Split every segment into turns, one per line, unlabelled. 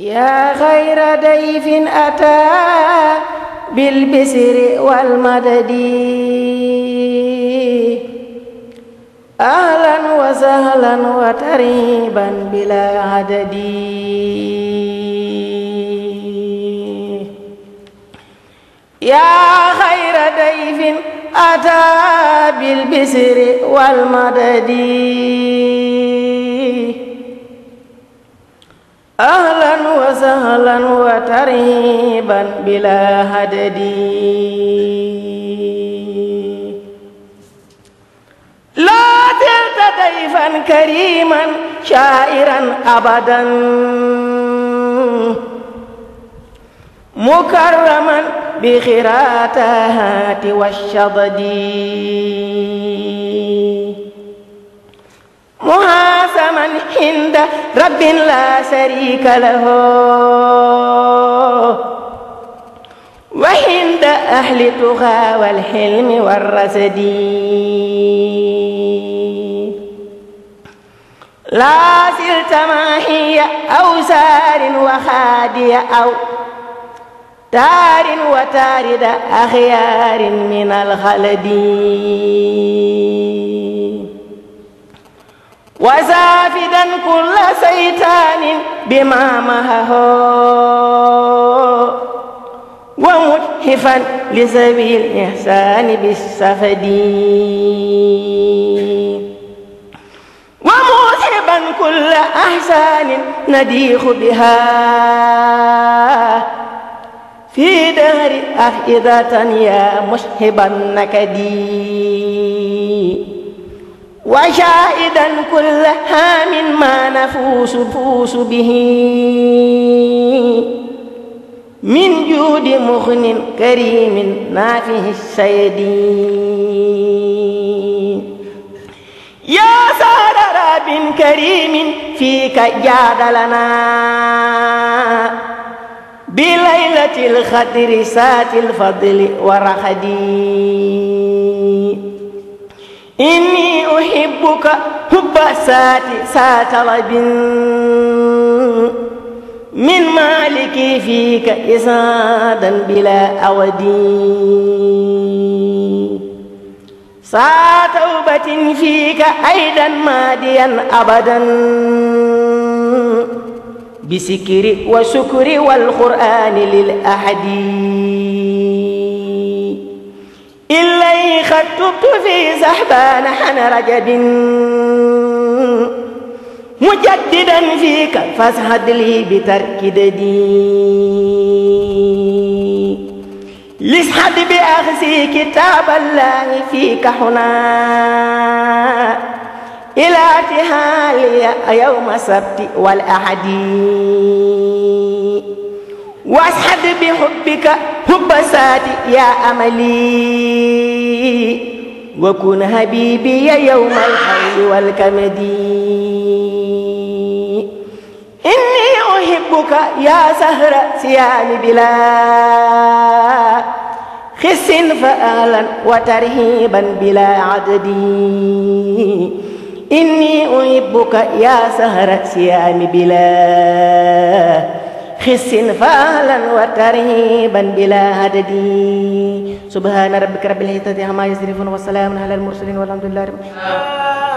يا خير ضيف أتى بالبسر والمدد أهلا وسهلا وتريبا بلا عدد يا خير ضيف أتى بالبسر والمدد أهلا وسهلا وتريبا بلا هدد لا تلت ضيفا كريما شائرا أبدا مكرما بخراتات والشضد محاسما عند رب لا شريك له وعند أهل الطغى والحلم والرسد لا سِلْتَ ما هي أو سار وخادي أو تار وتارد أخيار من الخلد وزافدا كل سيتان بما مهه ومتحفا لسبيل الإحسان بالسفد وموحبا كل أحسان نديخ بها في دهر أفئدة يا مشهب النكدي وشاهدا كل هام ما نفوس فوس به من جود مغن كريم نافه السيد يا سار راب كريم فيك جاد لنا بليلة الخدر سات الفضل ورخدي إني أحبك حب سات سات رب من مالك فيك إسادا بلا أودي سا توبة فيك أيضا ماديا أبدا بسكر وشكر والقرآن للأحدي إليه قد في زحبان حن رجد مجددا فيك فاسهد لي بترك ددي لسحد بأخزي كتاب الله فيك هنا إلى تهالي يوم السبت والأحد واسحب بحبك حب ساتي يا أملي وكن حبيبي يوم الحي والكمد إني أحبك يا سهر سيان بلا خس فآلا وترهيبا بلا عدد إني أحبك يا سهر سيان بلا خسن فعلا وترهيبا بلا هدد سبحان ربك رب العزة عما يصفون وسلام على المرسلين والحمد لله رب العالمين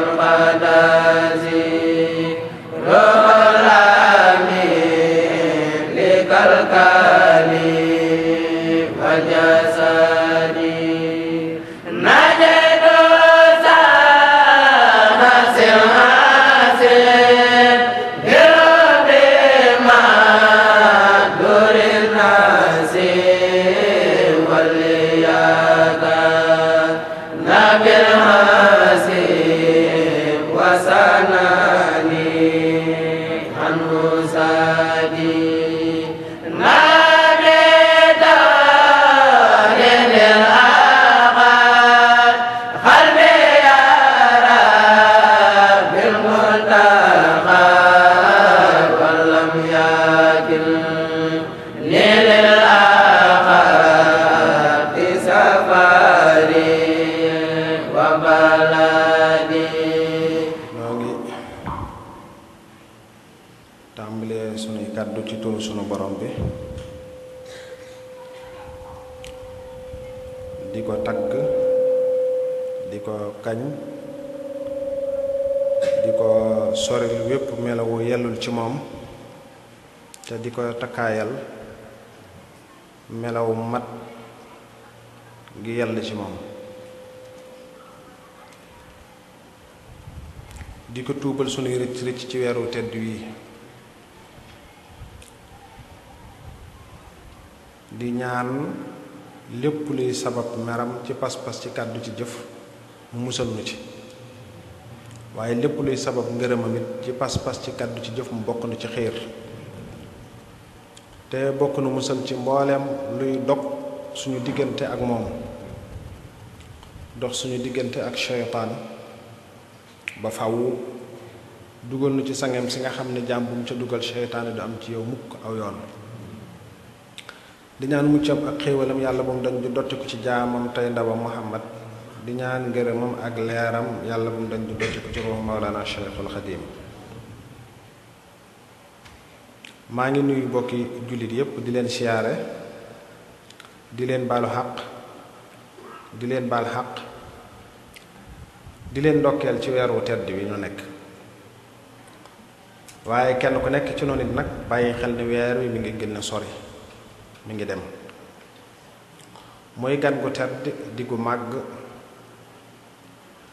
สัมปด
sunu borom bi di ko tagg di ko kañ di ko soril wépp melawu yellul ci moom te di ko takkaayal melawu mat gi yell ci moom di ko tuubal sunuy rëcc rëcc ci weeru tedd wii di ñaan lépp luy sabab meram ci pas-pas ci kàddu ci jëf mu musal nu ci waaye lépp luy sabab ngërëmam it ci pas-pas ci kàddu ci jëf mu bokk nu ci te bokk nu musal ci mbooleem luy dog suñu diggante ak moom dox suñu diggante ak shaytaan ba fàwwu dugal nu ci sangem si nga xam ne jàmbum ca dugal du am ci yow mukk aw yoon di ñaan muccam ak xéewalam yàlla ba mu dañ di dotti ko ci jaamam tey ndabam muhammad di ñaan ngërëmam ak leeram yàlla ba mu dañ di dotti ko ci ruuhu mawlana cheikhul xadim maa ngi nuyu bokki jullit yépp di leen siyaare di leen baalu xaq di leen baal xaq di leen ndokkeel ci weer wu tedd wi ñu nekk waaye kenn ku nekk ci noonu it nag bàyyi xel ni weer wi mi ngi gën a sori mi ngi dem mooy gan gu tedd di gu màgg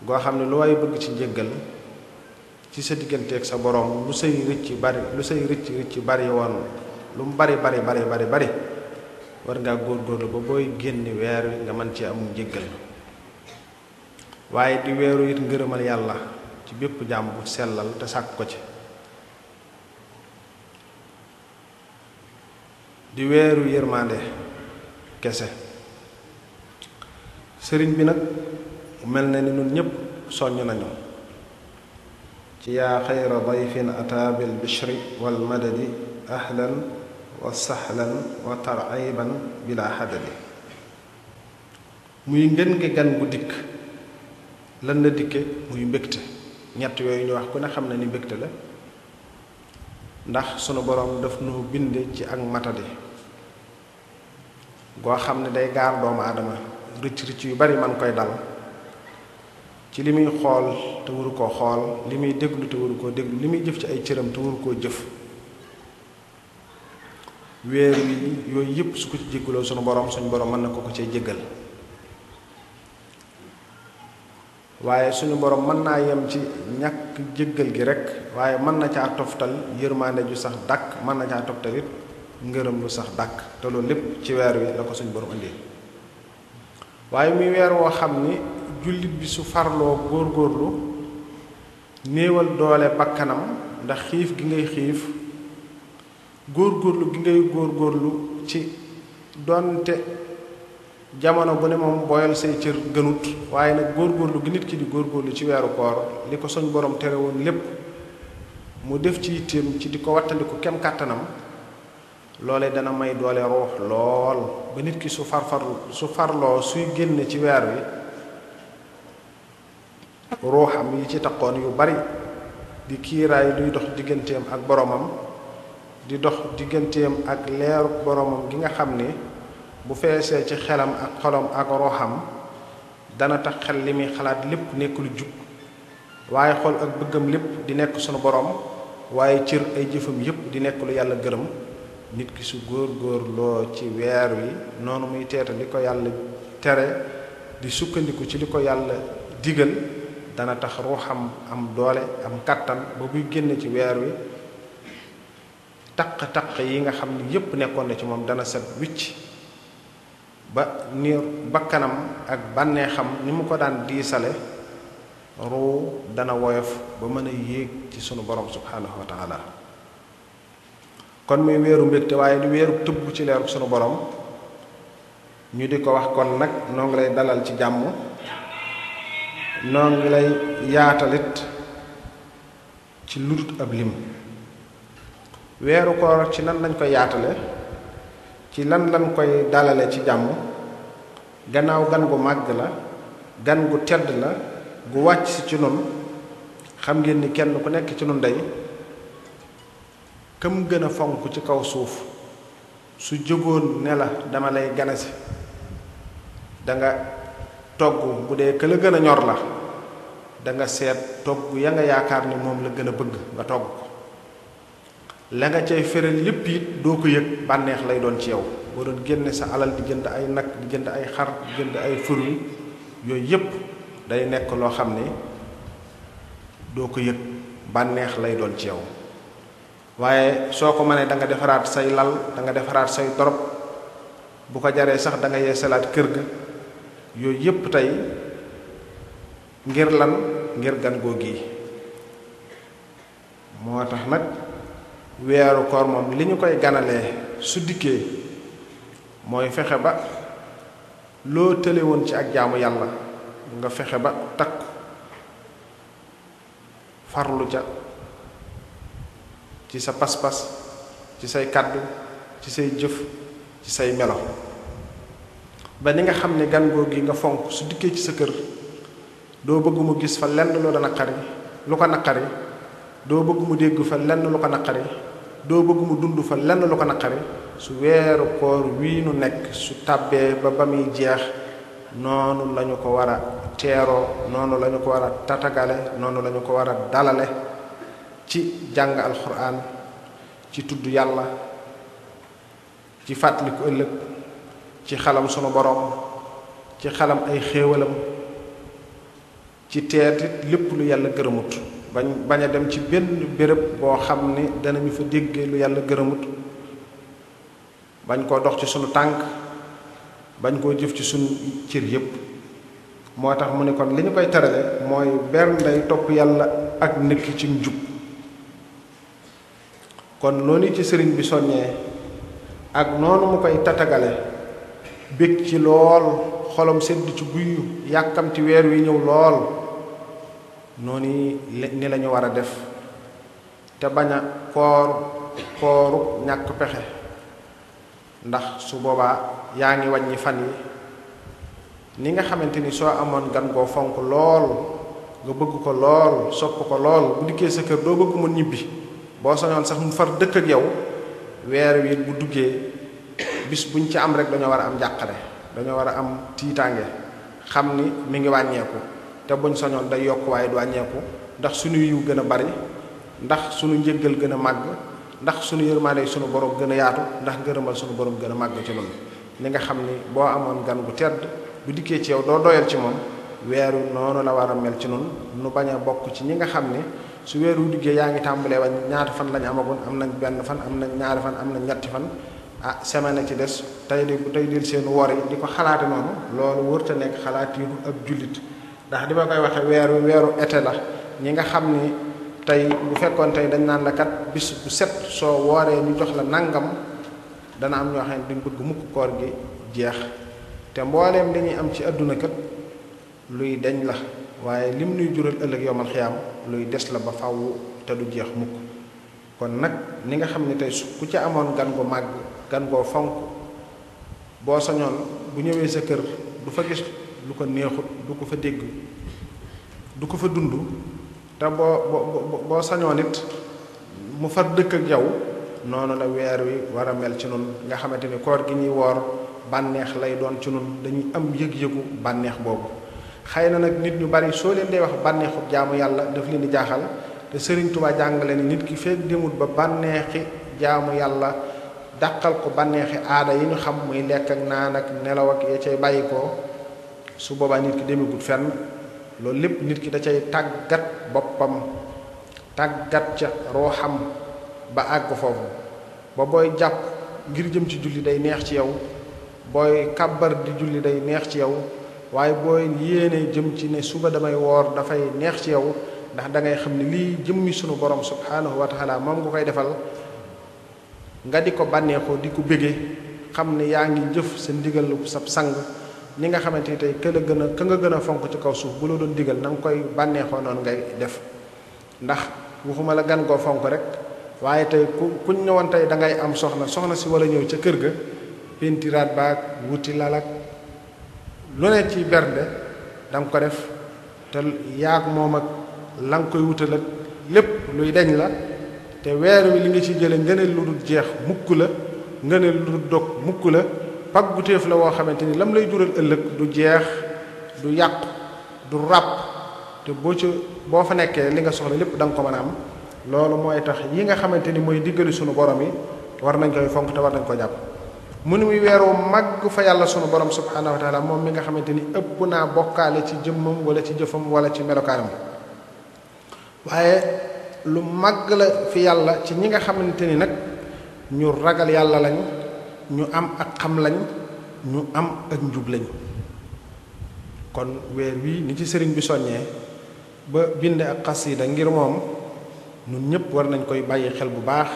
goo xam ne lu waay bëgg ci njëggal ci sa digganteeg sa borom lu say rëcc bari lu say rëcc rëcc bari woon lu mu bari bari bari bari bari war ngaa góorgóorlu ba booy génn weer nga mën ci am njëggal waaye di weeru it ngërëmal yàlla ci bépp jàmm bu sellal te sàkk ko ci di weeru yërmande kese sëriñ bi nag mel na ni nun ñépp soññ nañu ci yaa xayra dayfin ataa bishri wal madadi ahlan wa sahlan wa tarayban bila xadadi muy ngën ngi gan gu dikk lan la dikke muy mbégte ñett yooyu ñu wax ku ne xam na ni mbégte la ndax sunu boroom daf nu bind ci ak matadi goo xam ne day gaar doomu aadama rëcc rëcc yu bari man koy dal ci li muy xool te waru koo xool li muy déglu te waru koo déglu li muy jëf ci ay cëram te waru koo jëf weer wi yooyu yëpp su ko ci jéggaloo suñu borom suñu borom mën na ko ko cee jéggal waaye suñu boroom mën naa yem ci ñàkk jéggal gi rek waaye mën na caa toftal yërmaande ju sax dàkk mën na caa toftal it ngërëm lu sax dàkk te lépp ci weer wi la ko suñ borom indee waaye muy weer woo xam ni jullit bi su farloo góor góorlu néewal doole bakkanam ndax xiif gi ngay xiif góor góorlu gi ngay góor góorlu ci donte jamono bu ne moom boyal say cër gënut waaye nag góorgóorlu gi nit ki di góorlu ci weeru koor li ko suñ borom tere woon lépp mu def ci yitteem ci di ko wattandiku kem kàttanam loolee dana may doole ruux lool ba nit ki su far su farloo suy génn ci weer wi ruuxam yi ci taqoon yu bari di kiiraay luy dox digganteem ak boromam di dox digganteem ak leeru boromam gi nga xam ne bu feesee ci xelam ak xolom ak roham dana tax xel li muy xalaat lépp nekk lu jub xol ak bëggam lépp di nekk sunu borom waaye cër ay jëfam yépp di nekk lu yàlla gërëm nit ki su góor góorloo ci weer wi noonu muy teeta li ko yàlla tere di sukkandiku ci li ko yàlla digal dana tax ruuxam am doole am kattan ba buy génn ci weer wi taq-taq yi nga xam ni yépp nekkoon na ci moom dana set wicc ba ni bakkanam ak bànneexam ni mu ko daan diisale ruu dana woyof ba mën a yéeg ci sunu borom subhaanahu wa kon muy weeru mbégte waaye di weeru tëbb ci leeru sunu borom ñu di ko wax kon nag noo ngi lay dalal ci jàmm noo ngi lay yaatalit ci ludut weeru koor ci nan lañ koy yaatale ci lan lañ koy dalale ci jàmm gannaaw gan gu màgg la gan gu tedd la gu wàcc ci nun xam ngeen ni kenn ku nekk ci nun dey kam gën a fonk ci kaw suuf su jógoon ne la dama lay ganasi danga togg bu dee ka la gën a ñor la danga seet togg ya nga yaakaar ni moom la gën a bëgg nga togg ko la nga cay feral yépp it doo ko yëg bànneex lay doon ci yow boo doon génne sa alal di jënd ay nag di jënd ay xar di jënd ay fur yooyu yépp day nekk loo xam ne doo ko yëg bànneex lay doon ci yow waaye soo ko mënee da nga defaraat say lal da nga defaraat say torop bu ko jaree sax da nga yeesalaat kër ga yooyu yépp tey ngir lan ngir gan goo gi moo tax nag weeru koor moom li ñu koy ganalee su dikkee mooy fexe ba loo tële woon ci ak jaamu yàlla nga fexe ba takk farlu ca ci sa pas-pas ci say kàddu ci say jëf ci say melo ba ni nga xam ne gan googu nga fonk su dikkee ci sa kër doo bëgg mu gis fa lenn lu lu ko naqari doo bëgg mu fa lenn lu ko naqari dund fa lenn lu ko naqari su weeru koor wii nu nekk su tàbbee ba ba muy jeex noonu lañu ko war a teeroo noonu lañu ko war a tatagale noonu lañu ko war a dalale ci jàng alquran ci tudd yàlla ci fàttaliku ëllëg ci xalam sunu borom ci xalam ay xéewalam ci teetit lépp lu yàlla gërëmut bañ bañ a dem ci benn béréb boo xam ni danañu fa déggee lu yàlla gërëmut bañ koo dox ci sunu tànk bañ koo jëf ci sunu cër yépp moo tax mu ne kon li ñu koy terale mooy ber topp yàlla ak nekk ci njub kon noonu ci sëriñ bi soññee ak noonu mu koy tatagale bég ci lool xolom sedd ci guyyu yàkkamti weer wi ñëw lool noonu ni lañu war a def te bañ a koor kooru ñàkk pexe ndax su boobaa yaa ngi wàññi fan yi ni nga xamante ni soo amoon gan goo fonk lool nga bëgg ko lool sopp ko lool bu dikkee sa kër doo bëgg mu ñibbi boo soñoon sax mu far dëkk ak yow weer wi bu duggee bis buñ ci am rek dañoo wara am jàqare dañoo war a am tiitaange xam ni mi ngi wàññeeku te buñ soñoon day yokk waaye du wàññeeku ndax sunu yiw gën bari ndax sunu njëggal gën a màgg ndax sunu yërmaane sunu borom gën a yaatu ndax ngërëmal sunu borom gën mag màgg ci loolu li nga xam ni boo gan gu tedd bu dikkee ci yow doo doyal ci la mel ci nun nu bañ a ci ñi nga xam su weeru wu yaa ngi tàmbalee wañ ñaata fan lañu amagoon am nañ benn fan am nañ ñaari fan am na ñetti fan ah semaine ci des tey di tey dellu seen wor yi di ko xalaate noonu loolu wërta nekk yi ak jullit ndax di ma koy weer weeru weeru été la ñi nga xam ni tey bu fekkoon tey dañ naan la kat bis bu set soo wooree ñu jox la nangam dana am ñoo xam ne duñ bëgg mukk koor gi jeex te mbooleem dañuy am ci àdduna kat luy deñ la waaye lim nuy jural ëllëg yowmal xiyaam luy des la ba faw te du jeex mukk kon nag ni nga xam ne tey su ku ca amoon gan gu màgg gan goo fonk boo sañoon bu ñëwee sa kër du fa gis lu ko neexut du ko fa dégg du ko fa dund te boo boo boo sañoon it mu far dëkk ak yow noonu la weer wi war a mel ci nun nga xamante ni koor gi ñuy woor bànneex lay doon ci nun dañuy am yëg-yëgu bànneex boobu xëy na nag nit ñu bari soo leen dee wax bànneexu jaamu yàlla daf leen di jaaxal te sëriñ Touba jàngale ni nit ki fekk demut ba bànneexi jaamu yàlla dàqal ko bànneexi aada yi ñu xam muy lekk ak naa nag nelaw ak ya cay bàyyi ko su boobaa nit ki demegut fenn loolu lépp nit ki da cay tàggat boppam tàggat ca rooxam ba àgg foofu ba booy jàpp ngir jëm ci julli day neex ci yow booy kàbbar di julli day neex ci yow waaye boo yéenee jëm ci ne suba damay woor dafay neex ci yow ndax da ngay xam ne lii jëmmi sunu borom subhaanahu wa taala moom nga koy defal nga di ko bànneexoo di ko bége xam ne yaa ngi jëf sa ndigal sa sang ni nga xamante ni tey ka la gën a ka nga gën a fonk ci kaw suuf bu la doon digal na nga koy bànneexoo noonu ngay def ndax waxuma la gan koo fonk rek waaye tey ku kuñ ñëwoon tey da ngay am soxna soxna si wala ñëw ca kër ga pentiraat baag wuti lalak lu ne ci bernde da ko def te yaag moom ak la nga koy wutal ak lépp luy deñ la te weer wi li nga ci jële ngëneel lu dul jeex mukk la ngëneel lu dul dog mukk la pag gu téef la woo xamante ni lam lay jural ëllëg du jeex du yàqu du ràpp te boo ci boo fa nekkee li nga soxla lépp da nga ko mën a am loolu mooy tax yi nga xamante ni mooy diggali sunu borom yi war nañ koy fonk te war nañ ko jàpp mu ni muy weeru màgg fa yàlla sunu borom subhanahu wa taala moom mi nga xamante ni ëpp naa bokkaale ci jëmmam wala ci jëfam wala ci melokaanam waaye lu màgg la fi yàlla ci ñi nga xamante ni nag ñu ragal yàlla lañ ñu am ak xam lañ ñu am ak njub lañ kon weer wi ni ci sëriñ bi soññee ba bind ak xasida ngir moom nun ñëpp war nañ koy bàyyi xel bu baax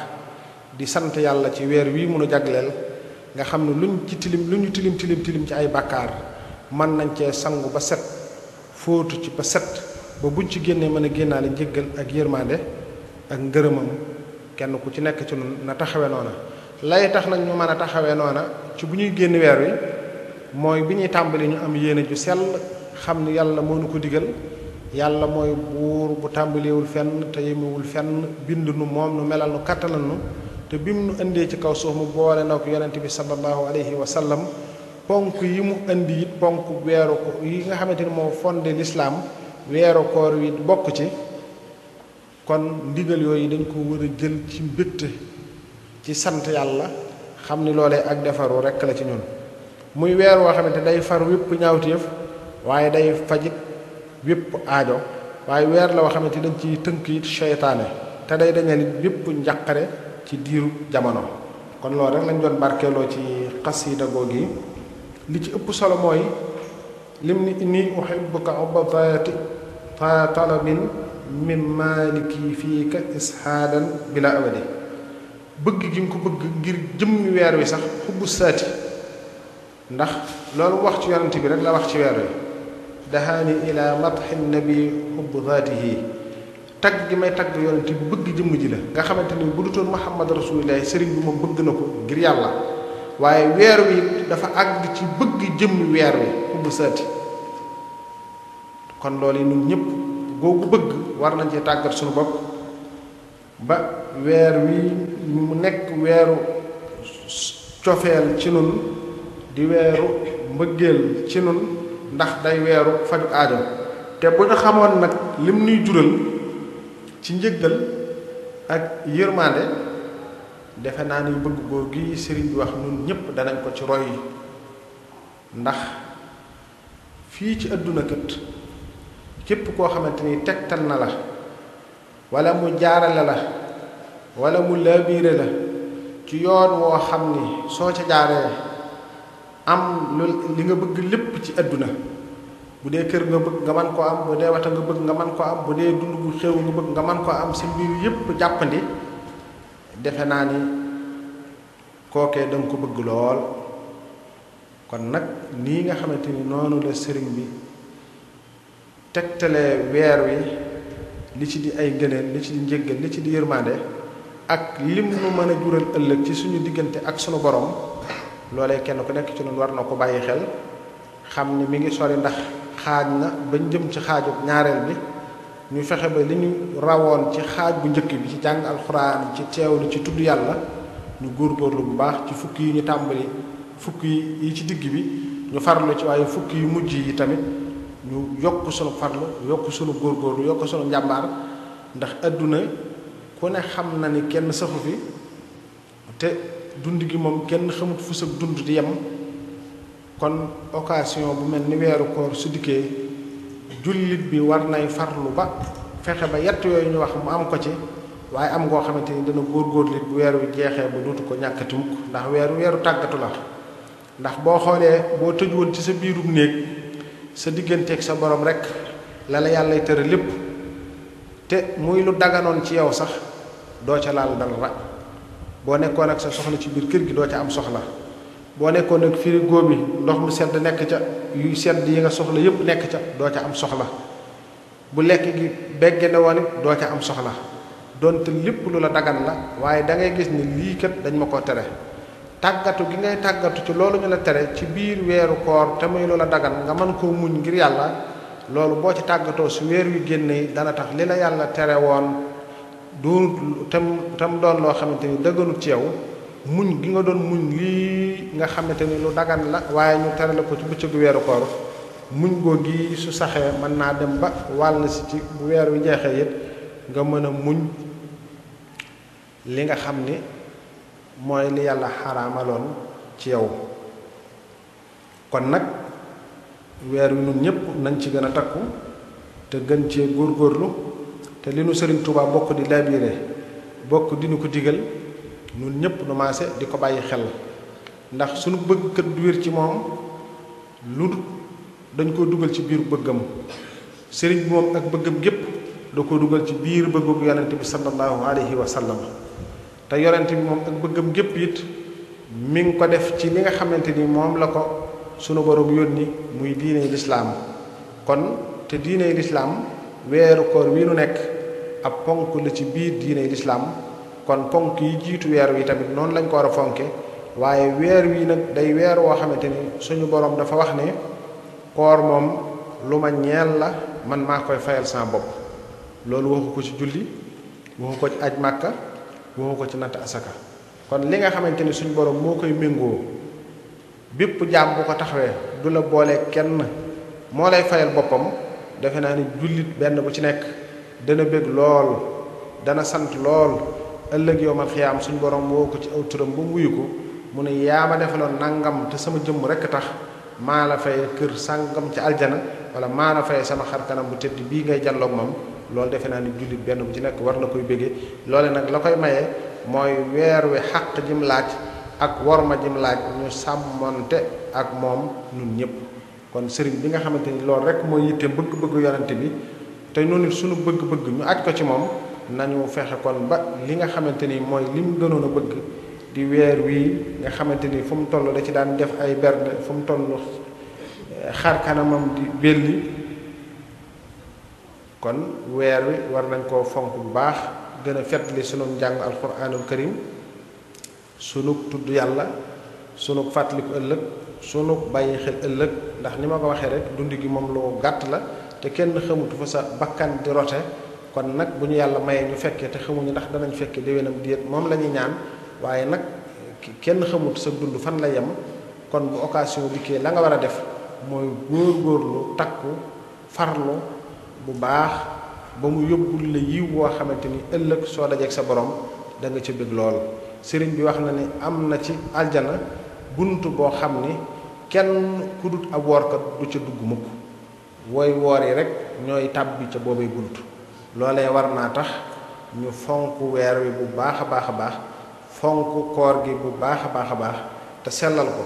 di sant yàlla ci weer wi munu jagleel nga xam ne luñ ci tilim lu ñu tilim tilim tilim ci ay bàkkaar man nañ cee sangu ba set fóotu ci ba set ba buñ ci génnee mën a génnaale njëggal ak yërmande ak ngërëmam kenn ku ci nekk ci nun na taxawe noona lay tax nag ñu mën a taxawee noona ci bu ñuy génn weer wi mooy bi ñuy tàmbali ñu am yéene ju sell xam ne yàlla moo nu ko digal yàlla mooy buur bu tàmbaliwul fenn te yemewul fenn bind nu moom nu melal nu kattanal te bi mu indee ci kaw suuf mu boole na ko yonent bi sallallahu alayhi wa sallam ponk yi mu indi it ponk weeru ko yi nga xamante ni moo fondé l'islam weeru koor wi bokk ci kon ndigal yooyu dañ ko war a jël ci mbégte ci sant yàlla xam ni loole ak defaru rekk la ci ñun muy weer woo xamante day far wépp ñaawteef waaye day fajit wépp aajo waaye weer la woo xamante dañ ci tënk it seytaane te day dañal it wépp njàqare ci diiru jamono kon loolu rek lañ doon barkeeloo ci xasida googi li ci ëpp solo mooy lim ni inni uhibbuka ubba taati talabin min maliki fiika ishaadan bila awadi bëgg gi nga ko bëgg ngir jëmmi weer wi sax xubbu saati ndax loolu wax ci bi rek la wax ci weer wi dahaani ila nabi xubbu zaatihi tag gi may tag di bi bëgg jëmm ji la nga xamante bu dutoon muhammad rasulillah sëriñ bi moom bëgg na ko ngir yàlla waaye weer wi dafa àgg ci bëgg jëmmi weer wi ubb saati kon loolu ñun ñëpp googu bëgg war nañ tàggat suñu bopp ba weer wi mu nekk weeru cofeel ci nun di weeru mbëggeel ci nun ndax day weeru faju aajo te bu ñu xamoon nag lim jural ci njëggal ak yërmande defe naa ni bëgg goo gi sëriñ bi wax nun ñépp danañ ko ci roy ndax fii ci àdduna kët képp koo xamante ni tegtal na la walla mu jaarale la wala mu laabiire la ci yoon woo xam ni soo ca jaaree am lu li nga bëgg lépp ci àdduna bu dee kër nga bëgg nga man koo am bu dee wata nga bëgg nga man koo am bu dee dund bu xew nga bëgg nga man koo am si mbir yépp jàppandi defe naa ni kookee danga ko bëgg lool kon nag nii nga xamante ni noonu la sëriñ bi tegtalee weer wi li ci di ay ngëneel li ci di njëggal li ci di yërmande ak lim nu mën a jural ëllëg ci suñu diggante ak sunu borom loolee kenn ku nekk ci noonu war na ko bàyyi xel xam ni mi ngi sori ndax xaaj na bañ jëm ci xaaju ñaareel bi ñu fexe ba li ñu rawoon ci xaaj bu njëkk bi ci jàng alxuraan ci teewlu ci tudd yàlla ñu góorgóorlu bu baax ci fukk yi ñu tàmbali fukk yi ci digg bi ñu farlu ci waaye fukk yu mujj yi tamit ñu yokk sunu farlu yokk sunu góorgóorlu yokk sunu njàmbaar ndax àdduna ku ne xam na ni kenn safu fi te dund gi moom kenn xamut fu sa dund di yem kon occasion bu mel ni weeru koor su dikkee jullit bi war nay farlu ba fexe ba yett yooyu ñu wax mu am ko ci waaye am ngoo xamante ni dana góorgóorlu bu weer wi jeexee ba dootu ko ñàkkati mukk ndax weeru weeru tàggatu la ndax boo xoolee boo tëj woon ci sa biirum néeg sa digganteeg sa boroom rek lala la yàllay lépp te muy lu daganoon ci yow sax doo ca laal dara boo nekkoon ak sa soxla ci biir kër gi doo ca am soxla boo nekkoon nag frigo bi ndox mu sedd nekk ca yuy sedd yi nga soxla yëpp nekk ca doo ca am soxla bu lekk gi begge ne woon it doo ca am soxla donte lépp lu la dagan la waaye da ngay gis ni lii kat dañ ma ko tere tàggatu gi ngay tàggatu ci loolu ñu la tere ci biir weeru koor te muy lu la dagan nga mën koo muñ ngir yàlla loolu boo ci tàggatoo su weer wi génne dana tax li la yàlla tere woon du tam tam doon loo xamante ni dëgganut ci yow muñ gi nga doon muñ lii nga xamante lu dagan la waaye ñu tere la ko ci bëccëgu weeru koor muñ goo gi su saxee mën naa dem ba wàll si ci bu weer wi jeexee it nga mën a muñ li nga xam ni mooy li yàlla xaraamaloon ci yow kon nag weer wi nun ñëpp nañ ci gën a takku te gën cee góorgóorlu te li nu sëriñ bokk di labiré bokk dinu ko digal ñun ñëpp nu di ko bàyyi xel ndax suñu bëgg kër du wér ci moom lu dañ ko dugal ci biir bëggam sëriñ moom ak bëggam gépp da ko dugal ci biir bëggug yonente bi sallallahu alayhi wa sallam te yonente bi moom ak bëggam gépp it mi ngi ko def ci li nga xamante ni moom la ko sunu borom yónni muy diine lislaam kon te diine lislaam weeru koor wi nu nekk ab ponk la ci biir diine lislaam kon ponk yi jiitu weer wi tamit noonu lañ ko war a fonke waaye weer wi nag day weer woo xamante ni suñu borom dafa wax ne koor moom lu ma ñeel la man maa koy fayal sa bopp loolu waxu ko ci julli waxu ko ci aj màkka waxu ko ci natt asaka kon li nga xamante ni suñu borom moo koy méngoo bépp jaam bu ko taxawee du la boole kenn moo lay fayal boppam defe naa ni jullit benn bu ci nekk dana bég lool dana sant lool ëllëg yowmal xiyaam suñu borom woo ko ci aw turam ba mu wuyu ko mu ne yaa ma defaloon nangam te sama jëmm rekk tax maa la fay kër sàngam ci aljana wala maa la fay sama xar kanam bu tëdd bii ngay jàlloog moom loolu defe naa ni jullit benn bu ci nekk war na koy bëggee loole nag la koy maye mooy weer wi xàq jim laaj ak worma jim laaj ñu sàmmonte ak moom ñun ñëpp kon sëriñ bi nga xamante ni loolu rek mooy yitte bëgg-bëgg yonante bi te noonu sunu bëgg-bëgg ko ci moom nañu fexe kon ba li nga xamante ni mooy li bëgg di weer wii nga xamante ni fu mu toll da ci daan def ay berde fu mu kanamam di belli kon weer wi war nañ koo fonk bu baax gën a fetli sunu njàng alquranul karim sunu tudd yàlla sunu fàttaliku ëllëg sunu bàyyi xel ëllëg ndax ni ko waxee rek dund gi moom lu la te kenn fa sa bakkan di kon nag bu ñu yàlla mayee ñu fekkee te xamuñu ndax danañ fekkee déwénam déet moom la ñuy ñaan waaye nag kenn xamut sa dund fan la yem kon bu occasion dikkee la nga war a def mooy góor-góorlu takku farlu bu baax ba mu yóbbul la yiw woo xamante ni ëllëg soo dajeeg sa borom da nga ca bëgg lool sëriñ bi wax na ni am na ci aljana bunt boo xam ni kenn ku dut ab woorkat du ca dugg mukk wooy woor yi rek ñooy tàbbi ca boobay bunt loole war naa tax ñu fonk weer wi bu baax a baax a baax fonk koor gi bu baax a baax a baax te sellal ko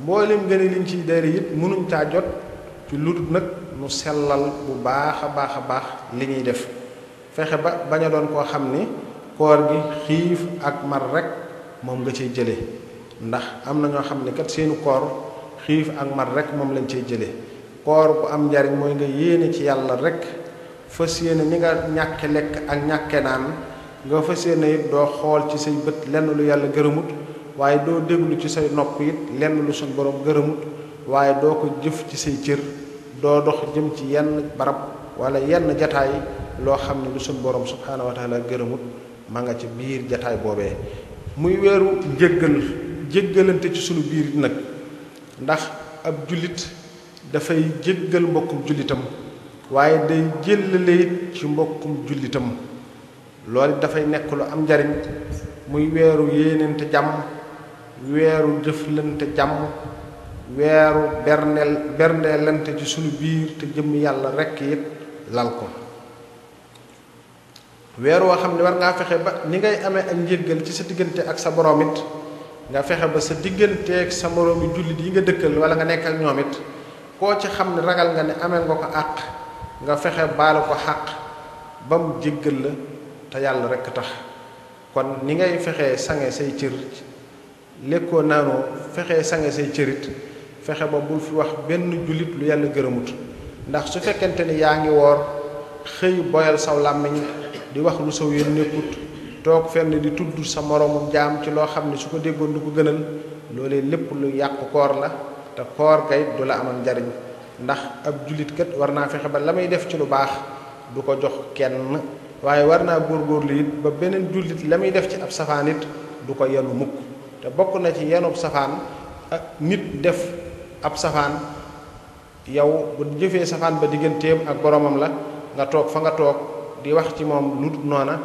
mboolem gën liñ ciy dayre it mënuñ caa jot ci lu dul nag nu sellal bu baax a baax a baax li ñuy def fexe ba bañ a doon koo xam ni koor gi xiif ak mar rek moom nga ciy jële ndax am na ñoo xam ne kat seenu koor xiif ak mar rek moom lañ ciy jële koor bu am njariñ mooy nga yéene ci yàlla rek fas yéene ñi nga ñàkke lekk ak ñàkke naan nga fas yéene it doo xool ci say bët lenn lu yàlla gërëmut waaye doo déglu ci say nopp it lenn lu suñ borom gërëmut waaye doo ko jëf ci say cër doo dox jëm ci yenn barab wala yenn jataay loo xam ne lu suñ borom subhaanahu wa taala gërëmut ma nga ci biir jataay boobe muy weeru njëggal jéggalante ci suñu biir nag ndax ab jullit dafay jéggal mbokkum jullitam waaye day jëllale it ci mbokkum jullitam loolu dafay nekk lu am njariñ muy weeru yéenente jàmm weeru jëflante jàmm weeru berneel berneelante ci sunu biir te jëm yàlla rekk it lal ko weer woo xam ne war ngaa fexe ba ni ngay amee ak njéggal ci sa diggante ak sa borom it nga fexe ba sa digganteeg sa moroomi jullit yi nga dëkkal wala nga nekk ak ñoom it koo ci xam ne ragal nga ne amee nga ko àq nga fexe baal ko xàq ba mu jéggal la te yàlla rekk tax kon ni ngay fexe sange say cër lekkoo naanoo fexe sange say cërit fexe ba bul fi wax benn jullit lu yàlla gërëmut ndax su fekkente ni yaa ngi woor xëy boyal saw làmmiñ di wax lu saw yéen nekkut toog fenn di tudd sa moroomu njaam ci loo xam ne su ko déggoon du ko gënal loolee lépp lu yàqu koor la te koor kay du la amal njariñ ndax ab julit kat war naa fexe ba la def ci lu baax du ko jox kenn waaye war naa góorgóorlu it ba beneen jullit la def ci ab safaan it du ko yenu mukk te bokk na ci safaan ah, nit def ab safaan yow bu jëfee safaan ba digganteem ak boromam la nga toog fa nga toog di wax ci moom lu noona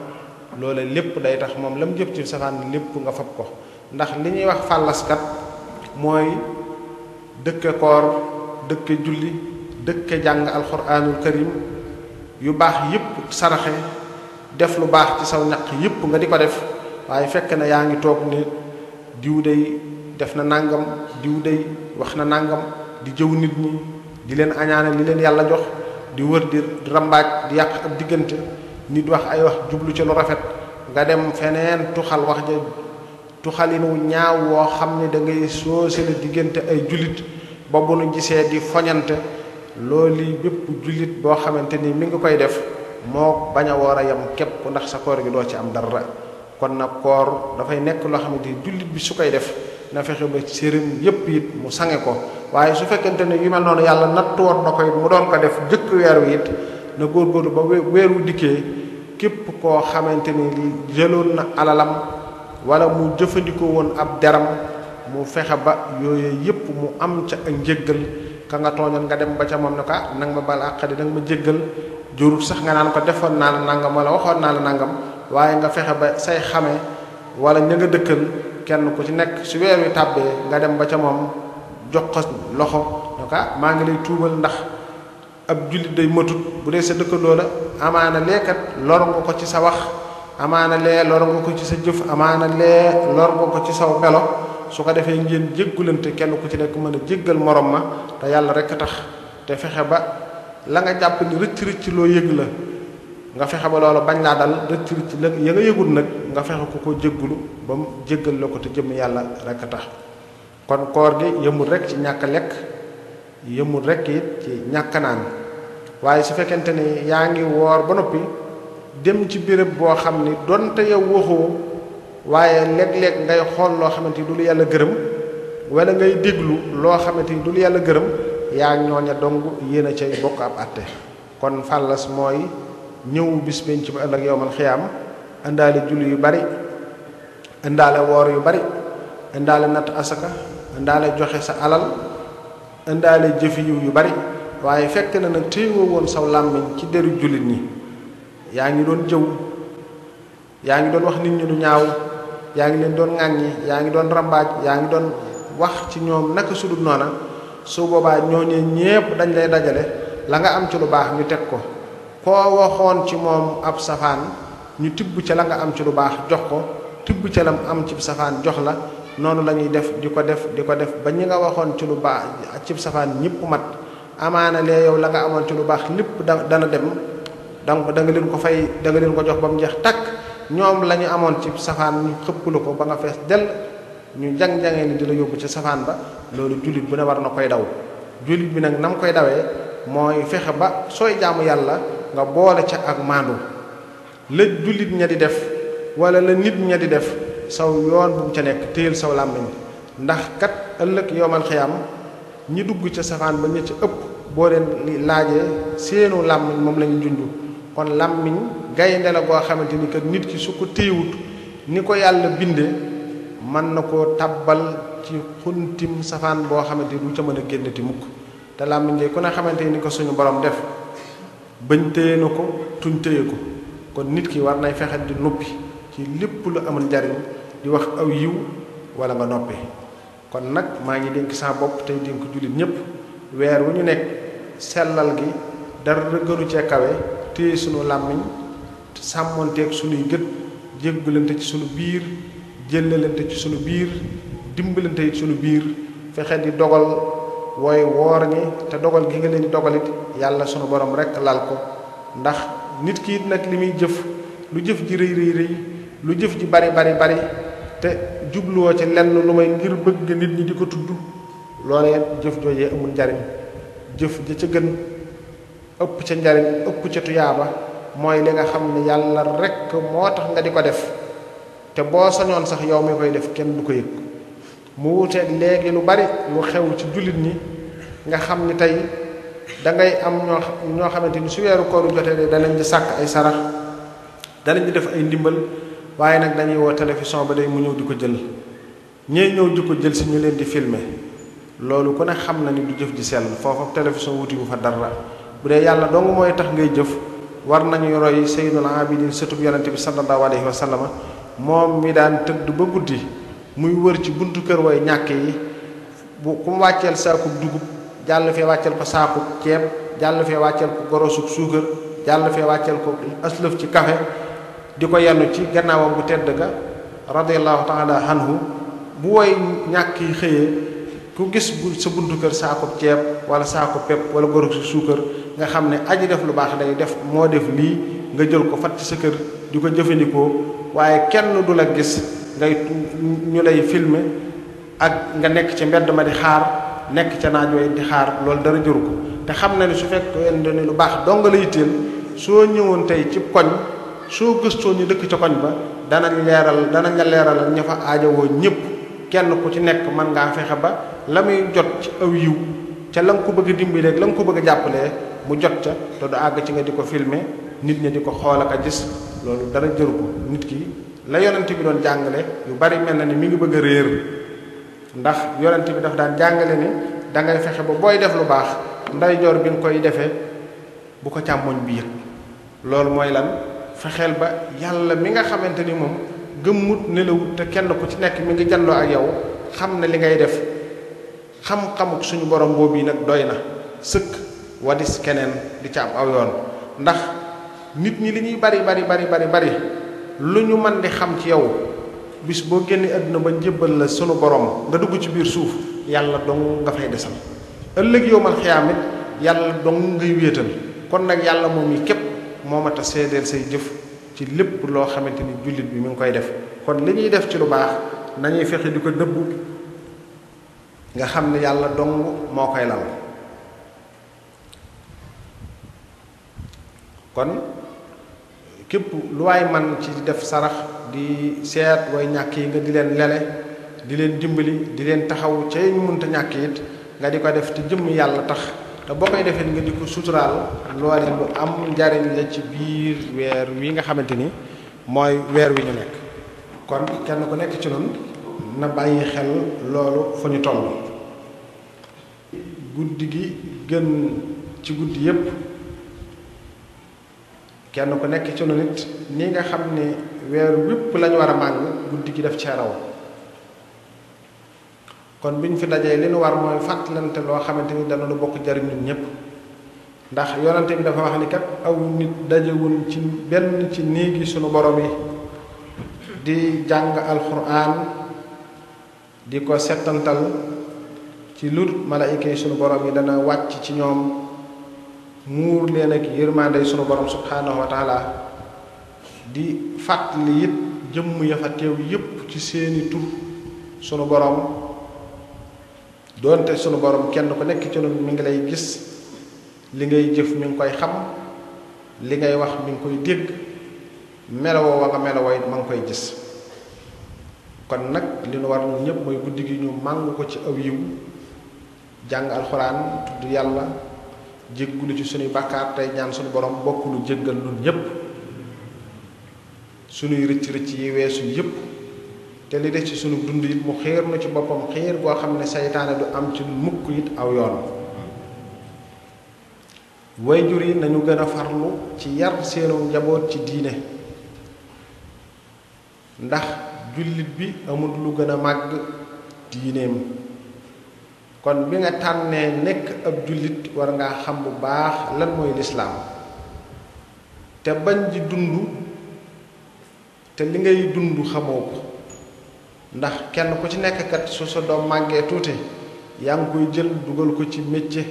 loola lépp day tax moom lam jëf ci safaan lépp nga fab ko ndax li ñuy wax fàllaskat mooy koor dëkke julli dëkke jàng alquranul karim yu baax yépp saraxe def lu baax ci saw ñaq yépp nga di def waaye fekk na yaa ngi toog ne diw day def na nangam diw day wax na nangam di jëw nit ñi di leen añaane li leen yalla jox di wër di rambaaj di yàq ab diggante nit wax ay wax jublu ci lu rafet nga dem feneen tuxal wax ja tuxalinu ñaaw woo xam ne da ngay soosale diggante ay julit ba bu nu gisee di foñante loolu bépp jullit boo xamante ni mi ngi koy def moo bañ a woor a yam képp ndax sa koor gi doo ci am dara kon na koor dafay nekk loo xamante ni jullit bi su koy def na fexe ba sërim yépp it mu sange ko waaye su fekkente ne yu mel noonu yàlla natt woon na ko mu doon ko def jëkk weer wi it na góorgóorlu ba weer wu dikkee képp koo xamante ni jëloon na alalam wala mu jëfandikoo woon ab deram mu fexe ba yooyu yépp mu am ca ak njéggal ka nga tooñoon nga dem ba ca moom ne ko ah nanga ma baal àq di ma jéggal jurut sax nga naan ko defoon naa la nangam wala waxoon naa la nangam waaye nga fexe ba say xamee wala ña nga dëkkal kenn ku ci nekk su weer wi tàbbee nga dem ba ca moom jox ko loxo ne ko ah maa ngi lay tuubal ndax ab jullit day matut bu dee sa dëkkandoo la amaana leekat lor ko ci sa wax amaana lee lor nga ko ci sa jëf amaana lee lor nga ci saw melo su ko defee ngeen jéggulante kenn ku ci nekk mën a jéggal morom ma te yàlla rek tax te fexe ba la nga jàpp ni rëcc rëcc loo yëg la nga fexe ba loola bañ laa dal rëcc rëcc la ya nga yëgul nag nga fexe ku ko jéggulu ba mu jéggal la ko te jëmm yàlla rek tax kon koor gi yëmul rekk ci ñàkk lekk yëmul rekk it ci ñàkk naan waaye su fekkente ni yaa ngi woor ba noppi dem ci béréb boo xam ni doonte yow waxoo waaye léeg-léeg ngay xool loo xamante ni du lu yàlla gërëm wala ngay déglu loo xamante ni du lu yàlla gërëm yaa ñooña dong yéen a cay bokk ab àtte kon fàllas mooy ñëw bis penc ba ëllëg yowmal xiyaam indaale julli yu bari indaale woor yu bari indaale natt asaka indaale joxe sa alal indaale jëfi yiw yu bari waaye fekk na nag téewoo woon saw làmmiñ ci deru jullit yi yaa ngi doon jëw yaa ngi doon wax nit ñi lu ñaaw yaa ngi leen doon ŋàññi yaa ngi doon rambaaj yaa ngi doon wax ci ñoom naka sudul noona su boobaa ñooñee ñépp dañ lay dajale la nga am ci lu baax ñu teg ko koo waxoon ci moom ab safaan ñu tibb ca la nga am ci lu baax jox ko tibb ca lam am ci safaan jox la noonu la ñuy def di ko def di ko def ba ñi nga waxoon ci lu baax ci safaan ñëpp mat amaana lee yow la nga amoon ci lu baax lépp da dana dem da nga leen ko fay da nga leen ko jox ba mu jeex ñoom lañu amoon ci safaan ñu xëpplu ko ba nga fees del ñu jang jangé ni dila yóbbu ci safaan ba loolu julit bu ne war na koy daw julit bi nag nam koy dawee mooy fexe ba sooy jaamu yàlla nga boole ca ak maandu la julit ña di def wala la nit ña di def saw yoon bu ca nekk téyel saw làmmiñ ndax kat ëllëg yowmal xiyam ñi dugg ca safaan ba ña ca ëpp boo leen laajee seenu làmmiñ moom lañu junj kon làmmiñ gaynde la goo xamante ni que nit ki su ko téyewut ni ko yàlla bindee man na ko tabbal ci xuntim safaan boo xamante ni du ca mën a ti mukk te làmmiñ de ku ne xamante ni ko suñu borom def bañ téye na ko tuñ téye ko kon nit ki war nay fexe di noppi ci lépp lu amul njariñ di wax aw yiw wala nga noppi kon nag maa ngi dénk sa bopp tey dénk jullit ñépp weer wu ñu nekk sellal gi dara gënu cee kawe téye sunu làmmiñ te sàmmonteeg sunuy gët jéggalante ci sunu biir jëllalante ci sunu biir dimbalante it sunu biir fexe di dogal wooy woor ñi te dogal gi nga leen di dogal it yàlla sunu borom rek lal ko ndax nit ki it limi li jëf lu jëf ji rëy rëy rëy lu jëf ji bari bari bari te jubluwoo ci lenn lu may ngir bëgg nit ñi di ko tudd loolee jëf joojee amul njariñ jëf ja ca gën ëpp ca njariñ ëpp ca tuyaaba mooy li nga xam ne yàlla rekk nga di ko def te bo sañoon sax yow mi koy def kenn du ko yëg mu wuuteeg léegi lu bari lu xew ci jullit ni nga xam ni tey da ngay am ñoo ñoo xamante ni su weeru kooru jotee de danañ di sàkk ay sarax danañ di def ay ndimbal waaye nag dañuy woo télévision ba day mu ñëw di jël ñee di jël si ñu leen di filmer ku ne xam na ni du jëf ji sell télévision wuti fa dara bu dong tax ngay jëf war nañuy roy sayyidul abidin sëtub yonente bi sallallahu alayhi wa sallam moom mi daan tëdd ba guddi muy wër ci buntu kër way ñàkk yi bu ku wàcceel saakub dugub jàll fee wàcceel ko saakub ceeb jàll fee wàcceel ko gorosub suukar jàll fee wàcceel ko aslëf ci kafe di ko yenn ci gannaawam bu tedd ga radiyallahu taala anhu bu woy ñàkk yi xëyee ku gis bu sa buntu kër saako ceeb wala saako pep wala gorog sa suukar nga xam ne aji def lu baax day def moo def lii nga jël ko fat ci sa kër di ko jëfandikoo waaye kenn du la gis ngay ñu lay filmer ak nga nekk ci mbedd ma di xaar nekk ca naaj way di xaar loolu dara jëru ko te xam na ne su fekkoon ne lu baax dong la yitteel soo ñëwoon tey ci koñ soo gëstoo ñu dëkk ca koñ ba danañ leeral danañ la leeral ña aajowoo ñëpp kenn ku ci nekk mën ngaa fexe ba la muy jot ci aw yiw ca lan nga ko bëgg a dimbalee la nga ko bëgg a jàppalee mu jot ca te du àgg ci nga di ko filmer nit ñi di ko xool ak a gis loolu dara jëru ko nit ki la yonent bi doon jàngale yu bari mel na ni mi ngi bëgg a réer ndax yonent bi dafa daan jàngale ni dangay fexe ba booy def lu baax ndeyjoor bi nga koy defee bu ko càmmoñ bi yëg loolu mooy lan fexeel ba yàlla mi nga xamante ni moom gëmmut nelawut te kenn ku ci nekk mi ngi jàlloo ak yow xam na li ngay def xam-xamuk suñu borom boobu yi nag doy na sëkk wadis keneen di ca am aw yoon ndax nit ñi li ñuy bari bari bari bari bari lu ñu mën di xam ci yow bis boo génnee àdduna ba njëbbal la sunu borom nga dugg ci biir suuf yàlla dong nga fay desal ëllëg yow man xiyaamit yàlla dong ngay wéetal kon nag yàlla moom yi képp moo mat a seedeel say jëf ci lépp loo xamante ni jullit bi mi ngi koy def kon li ñuy def ci lu baax nañuy fexe di ko dëbb nga xam ne yàlla dong moo koy lal kon képp lu waay man ci def sarax di seet way ñàkk yi nga di leen lele di leen dimbali di leen taxaw ca ñu munta ñàkk it nga di ko def te jëmm yàlla tax te boo koy defee nga di ko suturaal loole lu am njariñ la ci biir weer wi nga xamante ni mooy weer wi ñu nekk kon kenn ku nekk ci noonu na bàyyi xel loolu fa ñu toll guddi gi gën ci guddi yépp kenn ku nekk ci noonu nit ni nga xam ne weer wépp lañu war a màng guddi gi def cee raw kon biñ fi dajee li nu war mooy fàttalante loo xamante ni dana lu bokk jariñ ñun ñëpp ndax yonante bi dafa wax ni kat aw nit ci benn ci borom yi di jàng alquran di ko settantal ci lut malaayika yi sunu borom yi dana wàcc ci ñoom muur leen ak borom subhanahu wa taala di fàttali it jëmm ya fa teew yépp ci seeni tur borom doonte sunu borom kenn ko nekk ci ñun mi ngi lay gis li ngay jëf mi ngi koy xam li ngay wax mi ngi koy dégg melowoo wa nga melowoo ma ngi koy gis kon nag li nu war ñun ñëpp mooy guddi gi ñu màng ko ci aw yiw jàng alxuraan tudd yàlla jéggulu ci sunuy bàkkaar tey ñaan sunu borom bokk lu jéggal ñun sunuy rëcc rëcc yi weesu yëpp te li des ci sunu dund it mu xiir nu ci boppam xiir boo xam ne saytaane du am ci mukk it aw yoon wayjur yi nañu gën a farlu ci yar seenu njaboot ci diine ndax jullit bi amul lu gën a màgg diineem kon bi nga tànnee nekk ab jullit war ngaa xam bu baax lan mooy lislaam te bañ ji dund te li ngay dund xamoo ko ndax kenn ku ci nekk kat su sa doom màggee tuuti yaa ngi koy jël dugal ko ci métier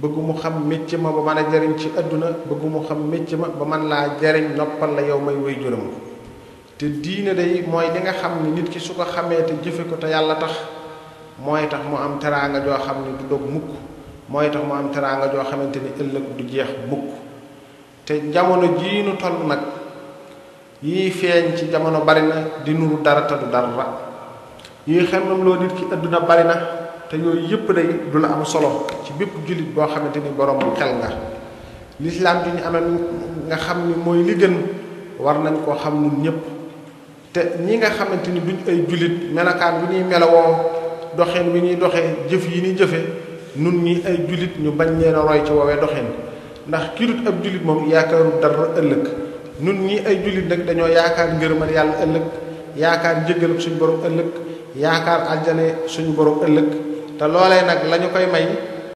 bëggumu xam métier ma ba mën ci àdduna bëgg xam métier ma ba mën laa jariñ noppal la yow may way juram te diine day mooy li nga xam ni nit ki su ko xamee te jëfe ko te yàlla tax mooy tax mu am teraanga joo xam ne du dog mukk mooy tax mu am teraanga joo xamante ni ëllëg du jeex mukk te jamono jii nu toll nag yi feeñ ci jamono bari na di nuru dara te du dara yi xemam loo nit ki aduna bari na te yooyu yépp day du la am solo ci bépp julit boo xamante ni borom xel nga l'islam ju ñu amee nga xam ni mooy li gën war nañ koo xam nun ñépp te ñi nga xamante ni duñ ay julit melakaan bi ñuy melawoo doxeen wi ñuy doxee jëf yi ñuy jëfe nun ñi ay julit ñu bañ leen a roy ci woowee doxeen ndax ki ab julit moom yaakaarul dara ëllëg nun ñi ay jullit nag dañoo yaakaar ngërëmal yàlla ëllëg yaakaar njëggalub suñu borom ëllëg yaakaar aljane suñu borom ëllëg te loolee nag la ñu koy may